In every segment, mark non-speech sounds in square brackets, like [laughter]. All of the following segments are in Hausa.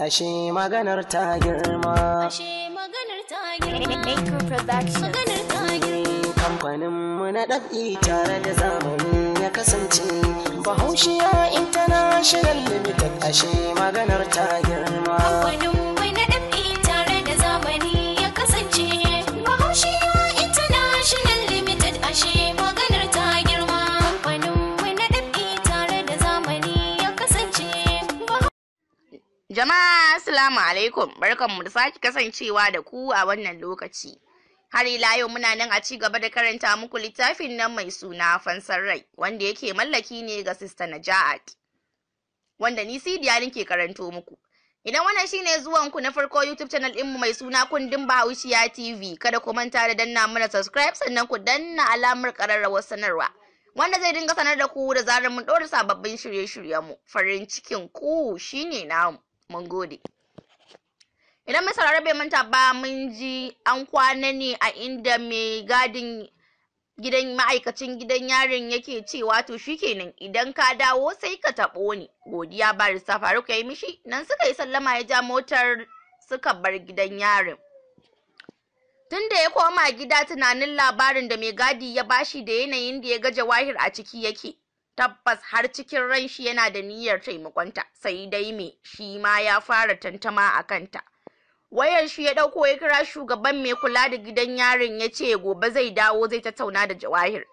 ashe [laughs] maganar ta girma kamfanin mu na ɗab'i tare da zamani ya kasance bahaushiya international limited ashe maganar ta girma Jama'a Assalamu alaikum barkanmu da sake kasancewa da ku a wannan lokaci. Har ila yau muna nan a ci gaba da karanta muku littafin nan mai suna fansar rai wanda yake mallaki ne ga Sista Naja'at. Wanda ni Sidiya ke karanto muku. Idan wannan shine zuwan ku na farko YouTube channel ɗinmu mai suna kundin Bahaushiya TV kada ku manta da danna mana subscribe sannan ku danna alamar ƙararrawar sanarwa. Wanda zai dinga sanar da ku da zarar mun ɗora sababbin shirye-shiryenmu. Farin cikin ku shine namu. mun gode idan mai sauraro bai manta ba mun ji an kwana ne a inda mai gadin gidan ma'aikacin gidan yarin yake cewa to shikenan idan ka dawo sai ka taɓo ni godiya barista faruk ya yi mishi nan suka yi sallama ya ja motar suka bar gidan yarin tun da ya koma gida tunanin labarin da mai gadi ya bashi da yanayin da ya ga jawahir a ciki yake tabbas har cikin ran shi yana da niyyar taimakonta sai dai me shi ma ya fara tantama a kanta wayar shi ya dauko ya kira shugaban mai kula da gidan yarin ya ce gobe zai dawo zai tattauna da jawahir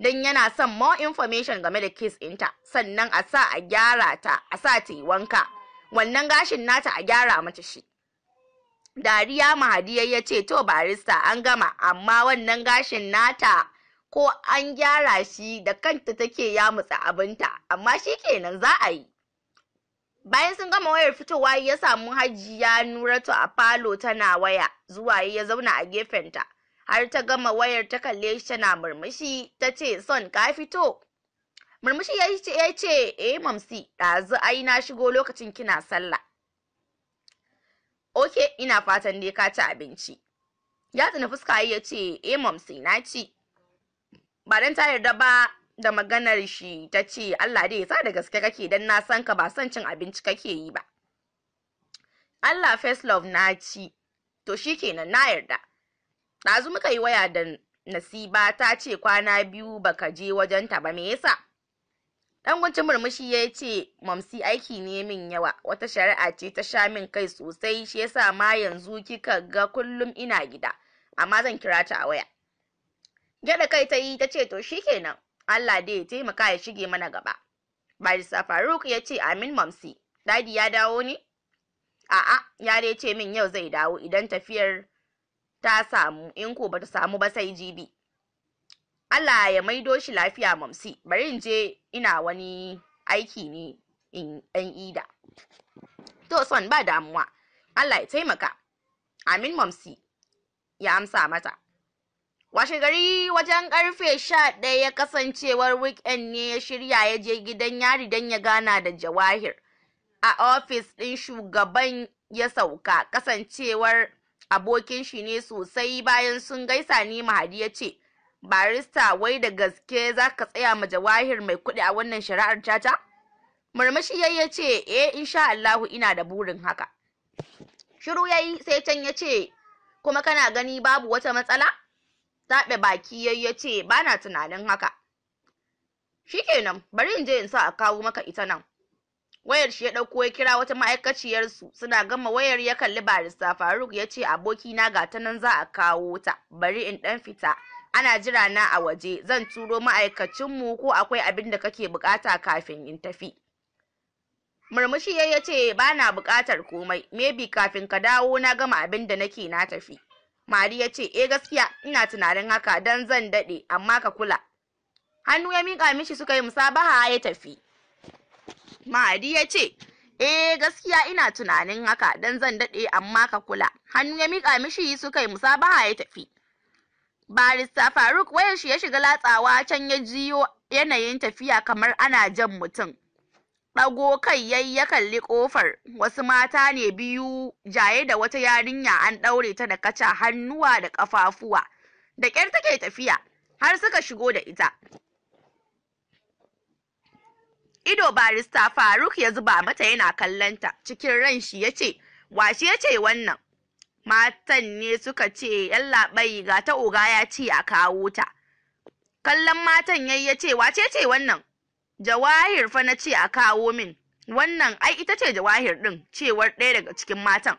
don yana son more information game da kes ɗinta sannan a sa a gyara ta a sa ta yi wanka wannan gashin nata a gyara mata shi dariya mahadiyar ya ce to barista an gama amma wannan gashin nata ko an gyara shi da kanta take ya mutsa abinta amma shi kenan za a yi bayan sun gama wayar fitowa ya samu hajji ya nuratu a falo tana waya zuwa yi ya zauna a gefenta har ta gama wayar ta kalle shi tana murmushi ta ce son ka fito murmushi ya ce eh mamsi ɗazu ai na shigo lokacin kina sallah ok ina fatan dai ka ci abinci ya tsina fuska ya ce eh mamsi na ci ba dan ta yarda ba da maganar shi ta ce Allah dai ya sa da gaske kake dan na san ka ba son cin abinci kake yi ba Allah first love na ci to shikenan na yarda ɗazu muka yi waya da nasiba ta ce kwana biyu baka je wajen ta ba me yasa dan guncin murmushi ya ce mamsi aiki ne min yawa wata shari'a ce ta sha min kai sosai shi yasa ma yanzu kika ga kullum ina gida amma zan kira ta a waya Gyaɗa kai ta yi ta ce to shi kenan, Allah dai ya taimaka ya shige mana gaba. Barista Faruk ya ce amin mamsi, dadi ya dawo ne? A'a, ya dai ce min yau zai dawo idan tafiyar ta samu in ko bata samu ba sai jibi. Allah ya maido shi lafiya mamsi, bari in je ina wani aiki ne in ɗan ida. To son ba damuwa, Allah ya taimaka. Amin mamsi ya amsa mata. Washe gari wajen karfe sha ɗaya kasancewar weekend ne ya shirya ya je gidan yari don ya gana da Jawahir. A ofis ɗin shugaban ya sauka kasancewar abokin shi ne sosai bayan sun gaisa ni Mahadi ya ce, Barista wai da gaske za ka tsaya ma Jawahir mai kuɗi a wannan shari'ar tata? Murmushi ya ce, eh insha Allahu ina da burin haka. Shiru ya yi sai can ya ce, kuma kana gani babu wata matsala? taɓe baki yayi ya ce ba na tunanin haka shikenan bari in je in sa a kawo maka ita nan wayar shi ya ɗauko ya kira wata ma'aikaciyar su suna gama wayar ya kalli barista faruk ya ce aboki na ga ta nan za a kawo ta bari in ɗan fita ana jira na a waje zan turo ma'aikacinmu ko akwai abin da kake bukata kafin in tafi murmushi ya ce ba na bukatar komai maybe kafin ka dawo na gama abin da nake na tafi Mari ya ce, "E gaskiya, ina tunanin haka don zan daɗe, amma ka kula." Hannu ya miƙa mishi suka yi musabaha ya tafi. Mari ya ce, "E gaskiya ina tunanin haka don zan daɗe, amma ka kula." Hannu ya miƙa mishi suka yi musabaha ya tafi. Barista Faruk wayan shi ya shiga latsawa can ya jiyo yanayin tafiya kamar ana jan mutum. ɗago kai yayi ya kalli ƙofar wasu mata ne biyu jaye da wata yarinya an ɗaure ta da kaca hannuwa da ƙafafuwa da ƙyar take tafiya har suka shigo da ita ido barista faruk ya zuba mata yana kallonta cikin ran shi ya ce washe ya ce wannan matan ne suka ce yallaɓai ga ta oga ya ce a kawo ta kallon matan yayi ya ce wace ce wannan Jawahir fa na ce a kawo min, wannan ai ita ce Jawahir ɗin, cewar ɗaya daga cikin matan.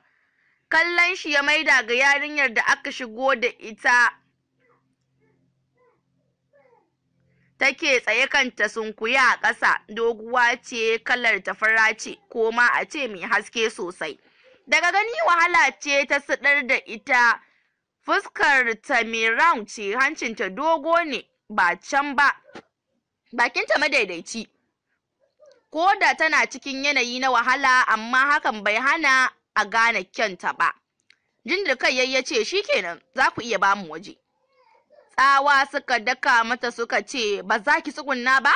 Kallon shi ya maida ga yarinyar da aka shigo da ita take tsaye kanta sunkuya a ƙasa, doguwa ce kalar ta ce, ko ma a ce mai haske sosai. Daga gani wahala ce ta siɗar da ita, fuskar ta mai ce, hancinta dogo ne, ba can ba. bakinta madaidaici ko da tana cikin yanayi na wahala amma hakan bai hana a gane kyanta ba jinjir kai ya ce shikenan za ku iya bamu waje tsawa suka daka mata suka ce ba za ki tsugunna ba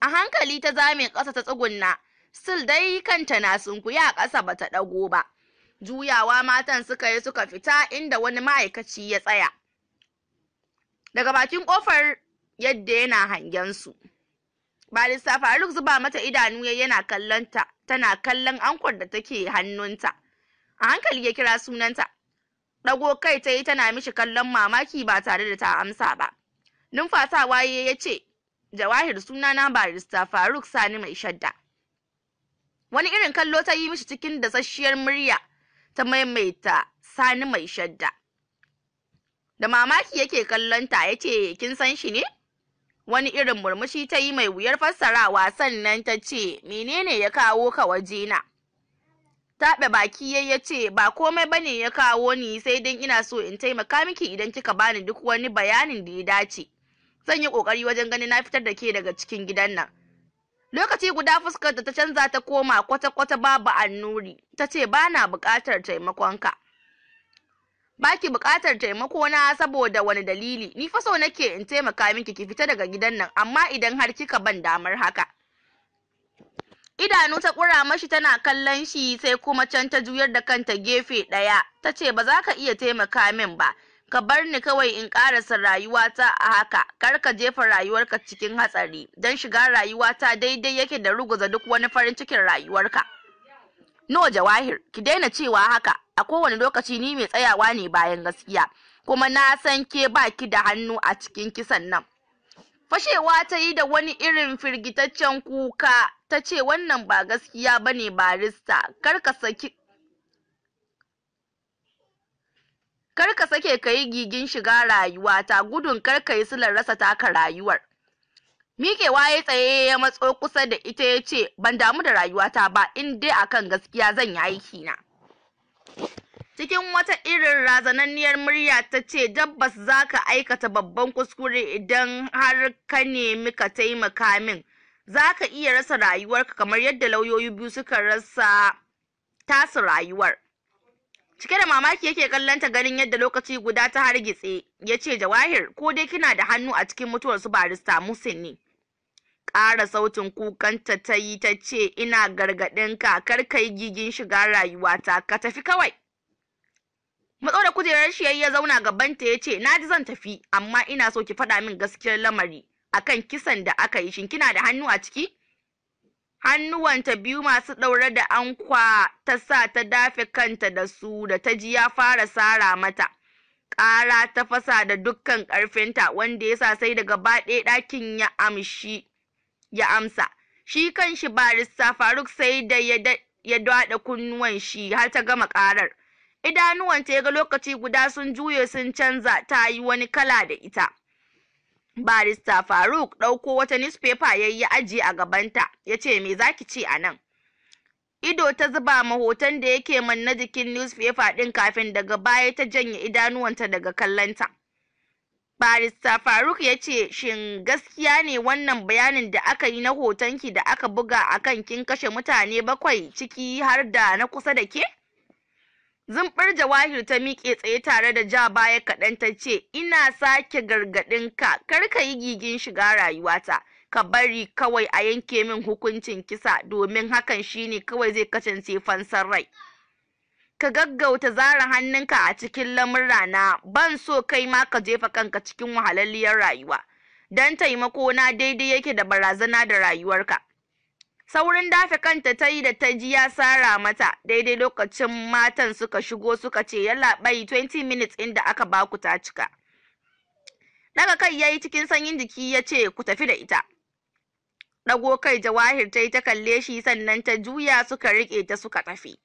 a hankali ta zame ƙasa ta tsugunna sil dai kanta na sunkuya a ƙasa ta ɗago ba juyawa matan suka yi suka fita inda wani ma'aikaci ya tsaya daga bakin ƙofar yadda yana hangen su barista faruk zuba mata idanu yana kallonta tana kallon ankwar da take hannunta a hankali ya kira sunanta ɗago kai ta yi tana mishi kallon mamaki ba tare da ta amsa ba Numfasa waye ya ce jawahir sunana Lissa faruk sani mai shadda wani irin kallo ta yi mishi cikin dasasshiyar murya ta maimaita sani mai shadda da mamaki yake kallonta ya ce kin san shi ne wani irin murmushi ta yi mai wuyar fassarawa sannan ta ce menene ya kawo ka wajena taɓe baki ya ya ce ba komai bane ya kawo ni sai dan ina so in taimaka miki idan kika bani duk wani bayanin da ya dace zan yi kokari wajen ganin na fitar da ke daga cikin gidan nan lokaci guda fuskar da ta canza ta koma kwata-kwata babu annuri ta ce ba na buƙatar taimakonka baki buƙatar taimako na saboda wani dalili ni fa so nake in taimaka miki ki fita daga gidan nan amma idan har kika ban damar haka idanu ta ƙura mashi tana kallon shi sai kuma can ta juyar da kanta gefe ɗaya ta ce ba za ka iya taimaka min ba ka bar ni kawai in ƙarasa rayuwata a haka kar ka jefa rayuwarka cikin hatsari don shiga rayuwata daidai yake da ruguza duk wani farin cikin rayuwarka no jawahir ki daina cewa haka a kowane lokaci ni mai tsayawa ne bayan gaskiya kuma na san ke baki da hannu a cikin kisan nan fashewa ta yi da wani irin firgitaccen kuka ta ce wannan ba gaskiya ba ne barista kar ka sake ka yi gigin shiga rayuwa ta gudun kar ka yi silar rasa taka rayuwar miƙewa ya tsaye ya matso kusa da ita ya ce ban damu da rayuwata ba in dai akan gaskiya zan yi aiki na Cikin wata irin razananniyar murya ta ce, Tabbas za ka aikata babban kuskure idan har ka nemi ka taimaka min, za ka iya rasa rayuwarka kamar yadda lauyoyi biyu suka rasa tasu rayuwar. Cike da mamaki yake kallon ta ganin yadda lokaci guda ta hargitse, ya ce, Jawahir, ko dai kina da hannu a cikin mutuwar su barista Musin ne. ƙara sautin kukanta ta yi ta ce ina gargaɗin ka kar ka yi gigin shiga rayuwata ka tafi kawai matsau da kujerar shi ya zauna gaban ta ya ce na ji zan tafi amma ina so ki faɗa min gaskiyar lamari akan kisan da aka yi shin kina da hannu a ciki ta biyu masu ɗaure da ankwa ta sa ta dafe kanta da su da ta ji ya fara sara mata ƙara ta fasa da dukkan ƙarfinta wanda ya sa sai daga baɗe ɗakin ya amshi ya amsa shi kan shi barista Faruk sai da ya dada kunnuwan shi har ta gama karar idanuwanta ya ga lokaci guda sun juye sun canza ta yi wani kala da ita barista Faruk ɗauko wata newspaper ya yi aji a gabanta ya ce me zaki ce a nan ido ta zuba ma hoton da yake manna jikin newspaper ɗin kafin daga baya ta janye idanuwanta daga kallonta Barista Faruk ya ce shin gaskiya ne wannan bayanin da aka yi na hotonki da aka buga a kan kin kashe mutane bakwai ciki har da na kusa da ke? Zumbar Jawahir ta miƙe tsaye tare da ja baya kaɗan ta ce, Ina sake gargaɗin ka, kar ka yi gigin shiga rayuwata, ka bari kawai a yanke min hukuncin kisa domin hakan shine kawai zai kasance fansar rai. ka gaggauta zara hannunka a cikin lamurra na ban so kai ma ka jefa kanka cikin wahalalliyar rayuwa don taimako na daidai yake da barazana da rayuwarka saurin dafe kanta ta yi da ta ji ya sara mata daidai lokacin matan suka shigo suka ce yalla bai 20 minutes inda aka baku ta cika daga kai ya yi cikin sanyin jiki ya ce ku tafi da ita Ɗago kai jawahir ta yi ta kalle shi sannan ta juya suka rike ta suka tafi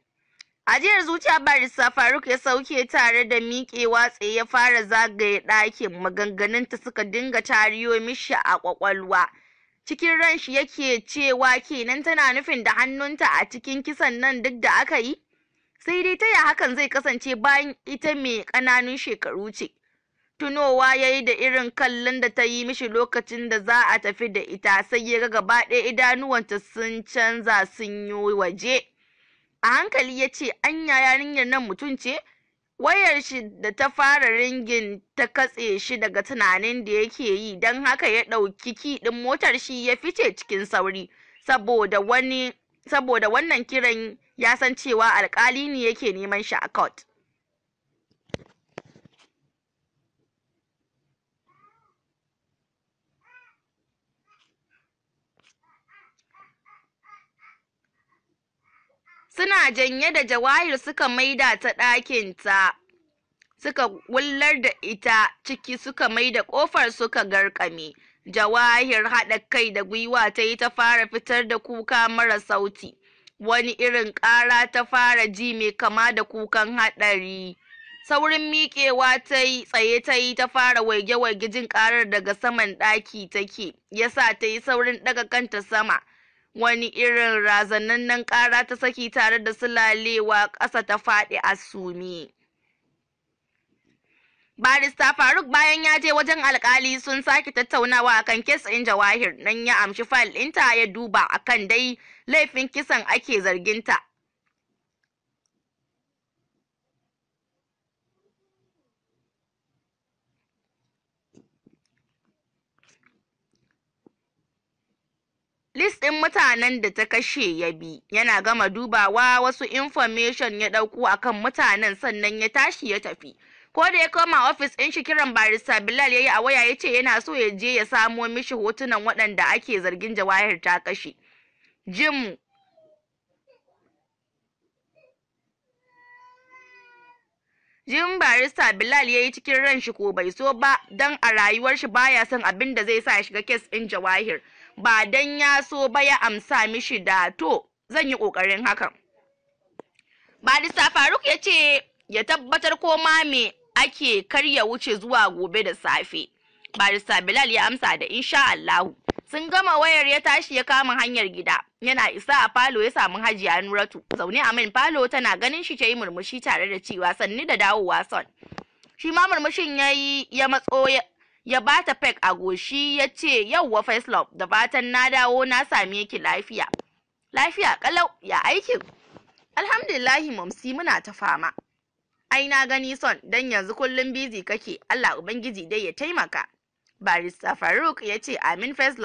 A Ajiyar zuciya barista Faruk ya sauke tare da miƙewa tsaye ya fara zagaye ɗakin maganganunta suka dinga tariyo mishi a ƙwaƙwalwa. Cikin ran shi yake cewa kenan tana nufin da hannunta a cikin kisan nan duk da aka yi? Sai dai ta ya hakan zai kasance bayan ita mai ƙananun shekaru ce. Tunowa ya yi da irin kallon da ta yi mishi lokacin da za a tafi da ita sai ya ga gaba ɗaya idanuwanta sun canza sun yi waje. a hankali ya ce anya yarinyar nan mutum ce wayar shi da ta fara ringin ta katse shi daga tunanin da yake yi don haka ya ɗauki kiɗin motar shi ya fice cikin sauri saboda saboda wannan kiran ya san cewa alkali ne yake neman shi a court suna janye da jawahir suka maida ta ɗakinta suka wullar da ita ciki suka maida ƙofar suka garkame jawahir haɗa kai da gwiwa ta yi ta fara fitar da kuka mara sauti wani irin ƙara ta fara ji mai kama da kukan haɗari saurin miƙewa ta yi tsaye ta yi ta fara waige-waige jin ƙarar daga saman ɗaki take yasa ta yi saurin ɗaga kanta sama wani irin razanannen ƙara ta saki tare da sulalewa ƙasa ta faɗi a sumi Barista Faruk bayan ya je wajen alkali sun sake tattaunawa akan kes ɗin Jawahir nan ya amshi fal ɗinta ya duba akan dai laifin kisan ake zarginta list ɗin mutanen da ta kashe ya bi yana gama dubawa wasu information ya ɗauko akan mutanen sannan ya tashi ya tafi ko da ya koma ofis ɗin shi kiran barista Bilal ya yi a waya ya ce yana so ya je ya samo mishi hotunan waɗanda ake zargin jawahir ta kashe jim jim barista Bilal ya yi cikin ran shi ko bai so ba don a rayuwar shi baya son abin da zai sa ya shiga kes ɗin jawahir. ba dan ya so ba ya amsa mishi da to zan yi ƙoƙarin hakan barista faruk ya ce ya tabbatar ko ma me ake ya wuce zuwa gobe da safe barista bilal ya amsa da insha allahu sun gama wayar ya tashi ya kama hanyar gida yana isa a falo ya samu hajiya nuratu zaune a min falo tana ganin shi ta yi murmushi tare da cewa sanni da dawowa son shi ma murmushin ya yi ya matso ya bata peg a goshi ya ce yauwa first love da fatan na dawo na same ki lafiya lafiya kalau ya aikin alhamdulillahi mamsi muna ta fama ai na gani son dan yanzu kullum bizi kake Allah ubangiji dai ya taimaka barista Faruk ya ce amin first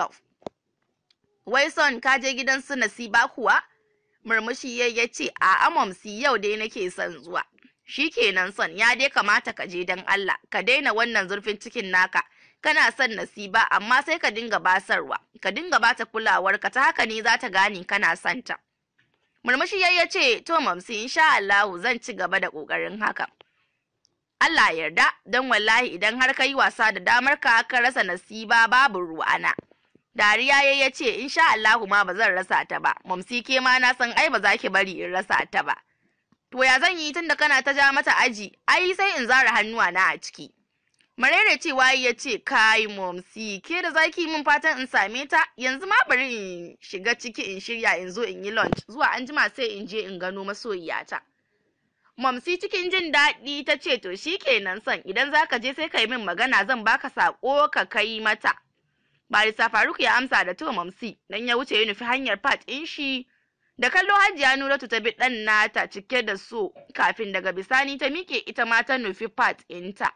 wai son ka je gidan su nasiba kuwa murmushi ya ce a amamsi yau dai nake son zuwa shi kenan son ya dai kamata ka je don Allah ka daina wannan zurfin cikin naka kana son nasiba amma sai ka dinga basarwa ka dinga bata kulawarka ta haka ne za ta gane kana santa.' ta murmushi ya ce to mamsi insha Allah zan ci gaba da ƙoƙarin haka Allah yarda don wallahi idan har ka yi wasa da damar ka ka rasa nasiba babu ruwana dariya ya ya ce insha Allah ma ba zan rasa ta ba mamsi ke ma na san ai ba za ki bari in rasa ta ba To ya zan yi tun da kana ta ja mata aji, ai sai in zara hannuwa na a ciki. Marere cewa ya ce, Kai momsi, ke da zaki min fatan in same ta, yanzu ma bari in shiga ciki in shirya in zo in yi lunch, zuwa an jima sai in je in gano masoyiyata. Momsi cikin jin daɗi ta ce, To shi kenan son, idan za ka je sai ka yi min magana zan baka saƙo ka kai mata. Barisa Faruk ya amsa da to momsi, dan ya wuce ya nufi hanyar Pat ɗin shi da kallo hajiya nuratu ta bi ɗan nata cike da so kafin daga bisani ta mike ita ma ta nufi pat ɗinta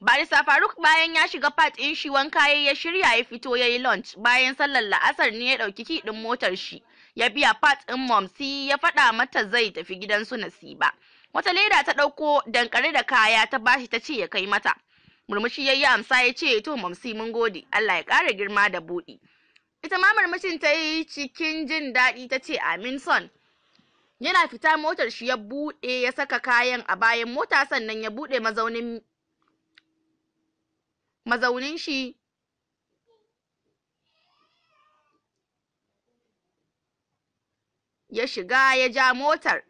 Barisa Faruk bayan ya shiga fat in shi wanka ya ya shirya ya fito ya yi lunch bayan sallar la'asar ne ya ɗauki kiɗin motar shi ya biya fat in momsi ya faɗa mata zai tafi gidan gidansu nasiba. Wata leda ta ɗauko dankare da kaya ta bashi ta ce ya kai mata. Murmushi ya yi amsa ya ce to momsi mun gode Allah ya ƙara girma da buɗi. ita ma murmushin ta yi cikin jin daɗi ta ce amin yana fita motar shi ya buɗe ya saka kayan a bayan mota sannan ya buɗe mazaunin mazaunin shi ya shiga ya ja motar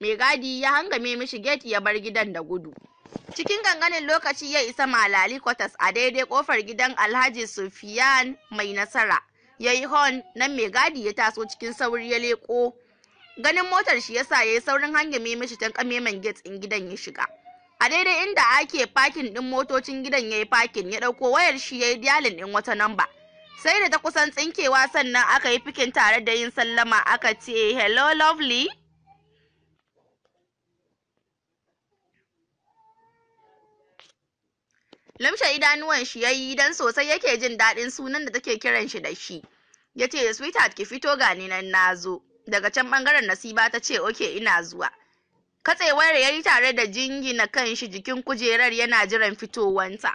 mai gadi ya hangame mishi get ya bar gidan da gudu Cikin ganganin lokaci ya isa Malali Quarters a daidai kofar gidan Alhaji Sufiyan mai nasara. Ya yi hon nan mai gadi ya taso cikin sauri ya leko. Ganin motar shi yasa ya yi saurin mai mishi ta kameman gate in gidan ya shiga. A daidai inda ake pakin ɗin motocin gidan ya yi pakin ya ɗauko wayar shi ya yi diyalin ɗin wata namba. Sai da ta kusan tsinkewa sannan aka yi fikin tare da yin sallama aka ce hello lovely lamshe idanuwan shi yayi dan sosai yake jin daɗin sunan da take kiran shi da shi yace sweetheart ki fito gani nan nazo daga can bangaren nasiba ta ce oke ina zuwa katsewar yayi tare da jingina shi jikin kujerar yana jiran fitowanta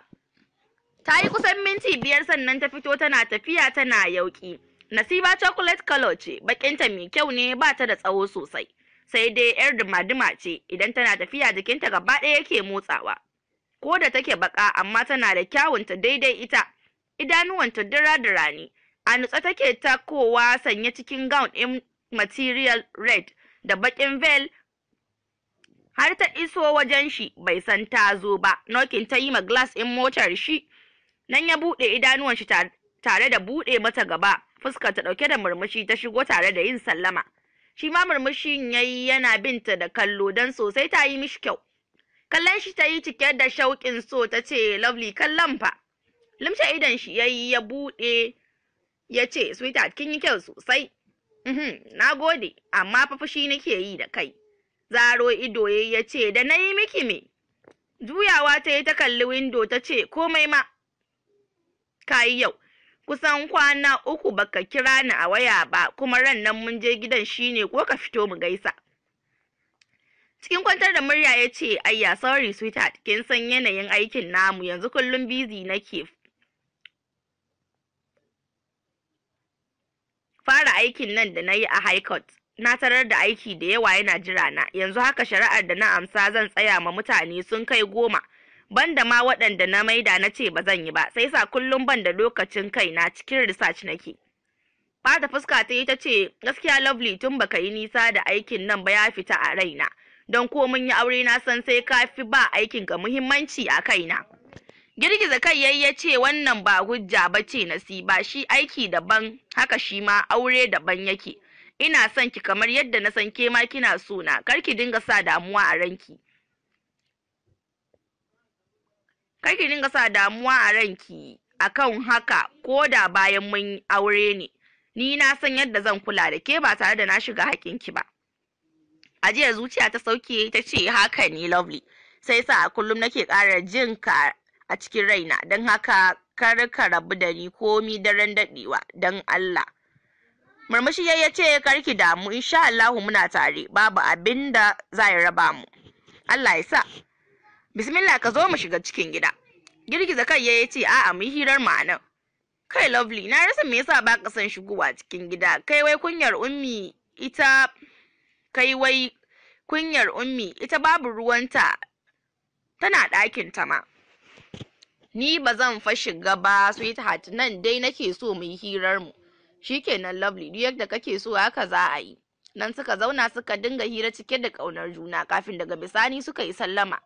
ta yi kusan minti biyar sannan ta fito tana tafiya tana yauki nasiba chocolate color ce bakinta mai kyau ne ba ta da tsawo sosai sai dai yar dumaduma ce idan tana tafiya jikinta gaba ɗaya yake motsawa ko da take baka amma tana da kyawunta daidai ita idanuwanta dira da ne a nutsa take takowa sanye cikin gown in material red da bakin veil har ta iso wajen shi bai san ta zo ba nokin ta yi ma glass in motar shi nan ya buɗe idanuwan shi tare da buɗe mata gaba fuska ta ɗauke da murmushi ta shigo tare da yin sallama shi ma murmushin yayi yana binta da kallo dan sosai ta yi mishi kyau kallon shi ta yi cike da shauƙin so ta ce lovely kallon fa limshe idon shi ya yi ya buɗe ya ce sweetheart kin yi kyau sosai mhm, na gode amma fa fushi nake yi da kai zaro ido ya ce da na yi miki me juyawa ta yi ta kalli windo ta ce komai ma ka yi yau kusan kwana uku baka kira ni a waya ba kuma ran nan mun je gidan shine ko ka fito mu gaisa Cikin kwantar da murya ya ce, "Ayya, sorry sweetheart, kin san yanayin aikin namu yanzu kullum busy nake fara aikin nan da na yi a High Court. Na tarar da aiki da yawa yana jira na, yanzu haka shari'ar da na amsa zan tsaya ma mutane sun kai goma. Ban da ma waɗanda na maida na ce ba zan yi ba, sai sa kullum ban da lokacin na cikin research nake. Fata fuska ta yi ta ce, gaskiya lovely tun baka yi nisa da aikin nan ba ya fita a raina. don ko mun yi aure na san sai ka fi ba aikin ka muhimmanci a kaina girgiza kai yayi ya ce wannan ba hujja ba ce ba. shi aiki daban haka shi ma aure daban yake ina son ki kamar yadda na san ke ma kina so na kar ki dinga sa damuwa a ranki kar ki dinga sa damuwa a ranki akan haka ko da bayan mun aure ne ni na san yadda zan kula da ke ba tare da na shiga haƙinki ba Ajiyar zuciya ta sauke ta ce haka ne lovely. Sai sa kullum nake ƙara jin ka a cikin raina don haka kar ka rabu da ni ko mi daren daɗewa don Allah. Murmushi ya ce karki damu insha Allah muna tare babu abin da za ya raba mu. Allah ya sa. Bismillah ka zo mu shiga cikin gida. Girgiza kai ya ce a'a mu hirar ma'ana Kai lovely na rasa me yasa ba ka son shigowa cikin gida kai wai kunyar ummi ita kai wai kunyar ummi ita babu ruwanta tana ɗakin ta ma ni ba zan fa shiga ba sweetheart nan dai nake so mu yi hirar mu shikenan lovely duk yadda kake so haka za a yi nan suka zauna suka dinga hira cike da ƙaunar juna kafin daga bisani suka yi sallama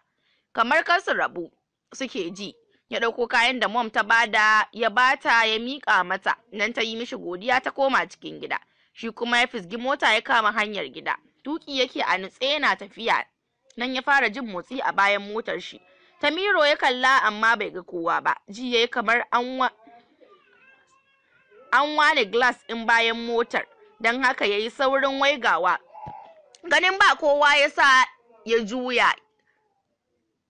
kamar kar su rabu suke ji ya ɗauko kayan da mom ta bada ya bata ya miƙa mata nan ta yi mishi godiya ta koma cikin gida shi kuma ya fisgi mota ya kama hanyar gida duki yake a nutse yana tafiya nan ya fara jin motsi a bayan motar shi tamiro ya kalla amma bai ga kowa ba ji yi kamar an wane glass in bayan motar don haka ya yi saurin waigawa ganin ba kowa ya sa ya juya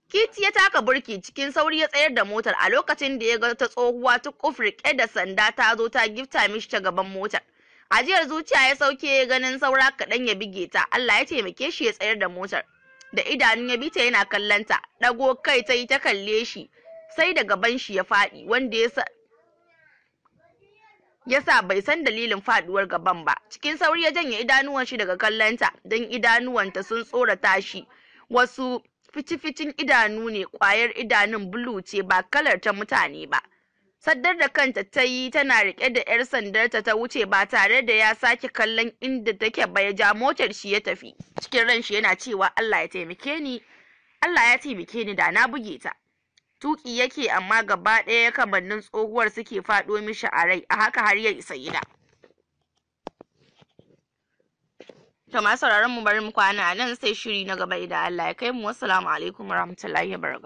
Kiti ya taka burki cikin sauri ya tsayar da motar a lokacin da ya ga ta tsohuwa ta kufrike da sanda ta zo ta gifta mishi ta gaban motar. ajiyar zuciya ya sauke ganin saura kaɗan ya bige ta Allah ya taimake shi ya tsayar da motar da idanun ya bi ta yana kallon ta ɗago kai ta yi ta kalle shi sai da gaban shi ya faɗi wanda ya sa yasa bai san dalilin faduwar gaban ba cikin sauri ya janye idanuwan shi daga kallonta don idanuwanta sun tsorata shi wasu ficificin idanu ne kwayar idanun bulu ce ba kalar ta mutane ba Saddar da kanta ta yi tana riƙe da 'yar sandarta ta wuce ba tare da ya sake kallon inda take ba ya ja motar shi ya tafi. Cikin ran shi yana cewa Allah ya taimake ni, Allah ya taimake ni da na buge ta. Tuki yake amma gaba ɗaya kamannin tsohuwar suke faɗo mishi a rai, a haka har ya isa gida. To masu sauraron mu bari mu kwana nan sai shiri na gaba idan Allah ya kai mu. Wassalamu alaikum wa warahmatullahi wabarakatuh.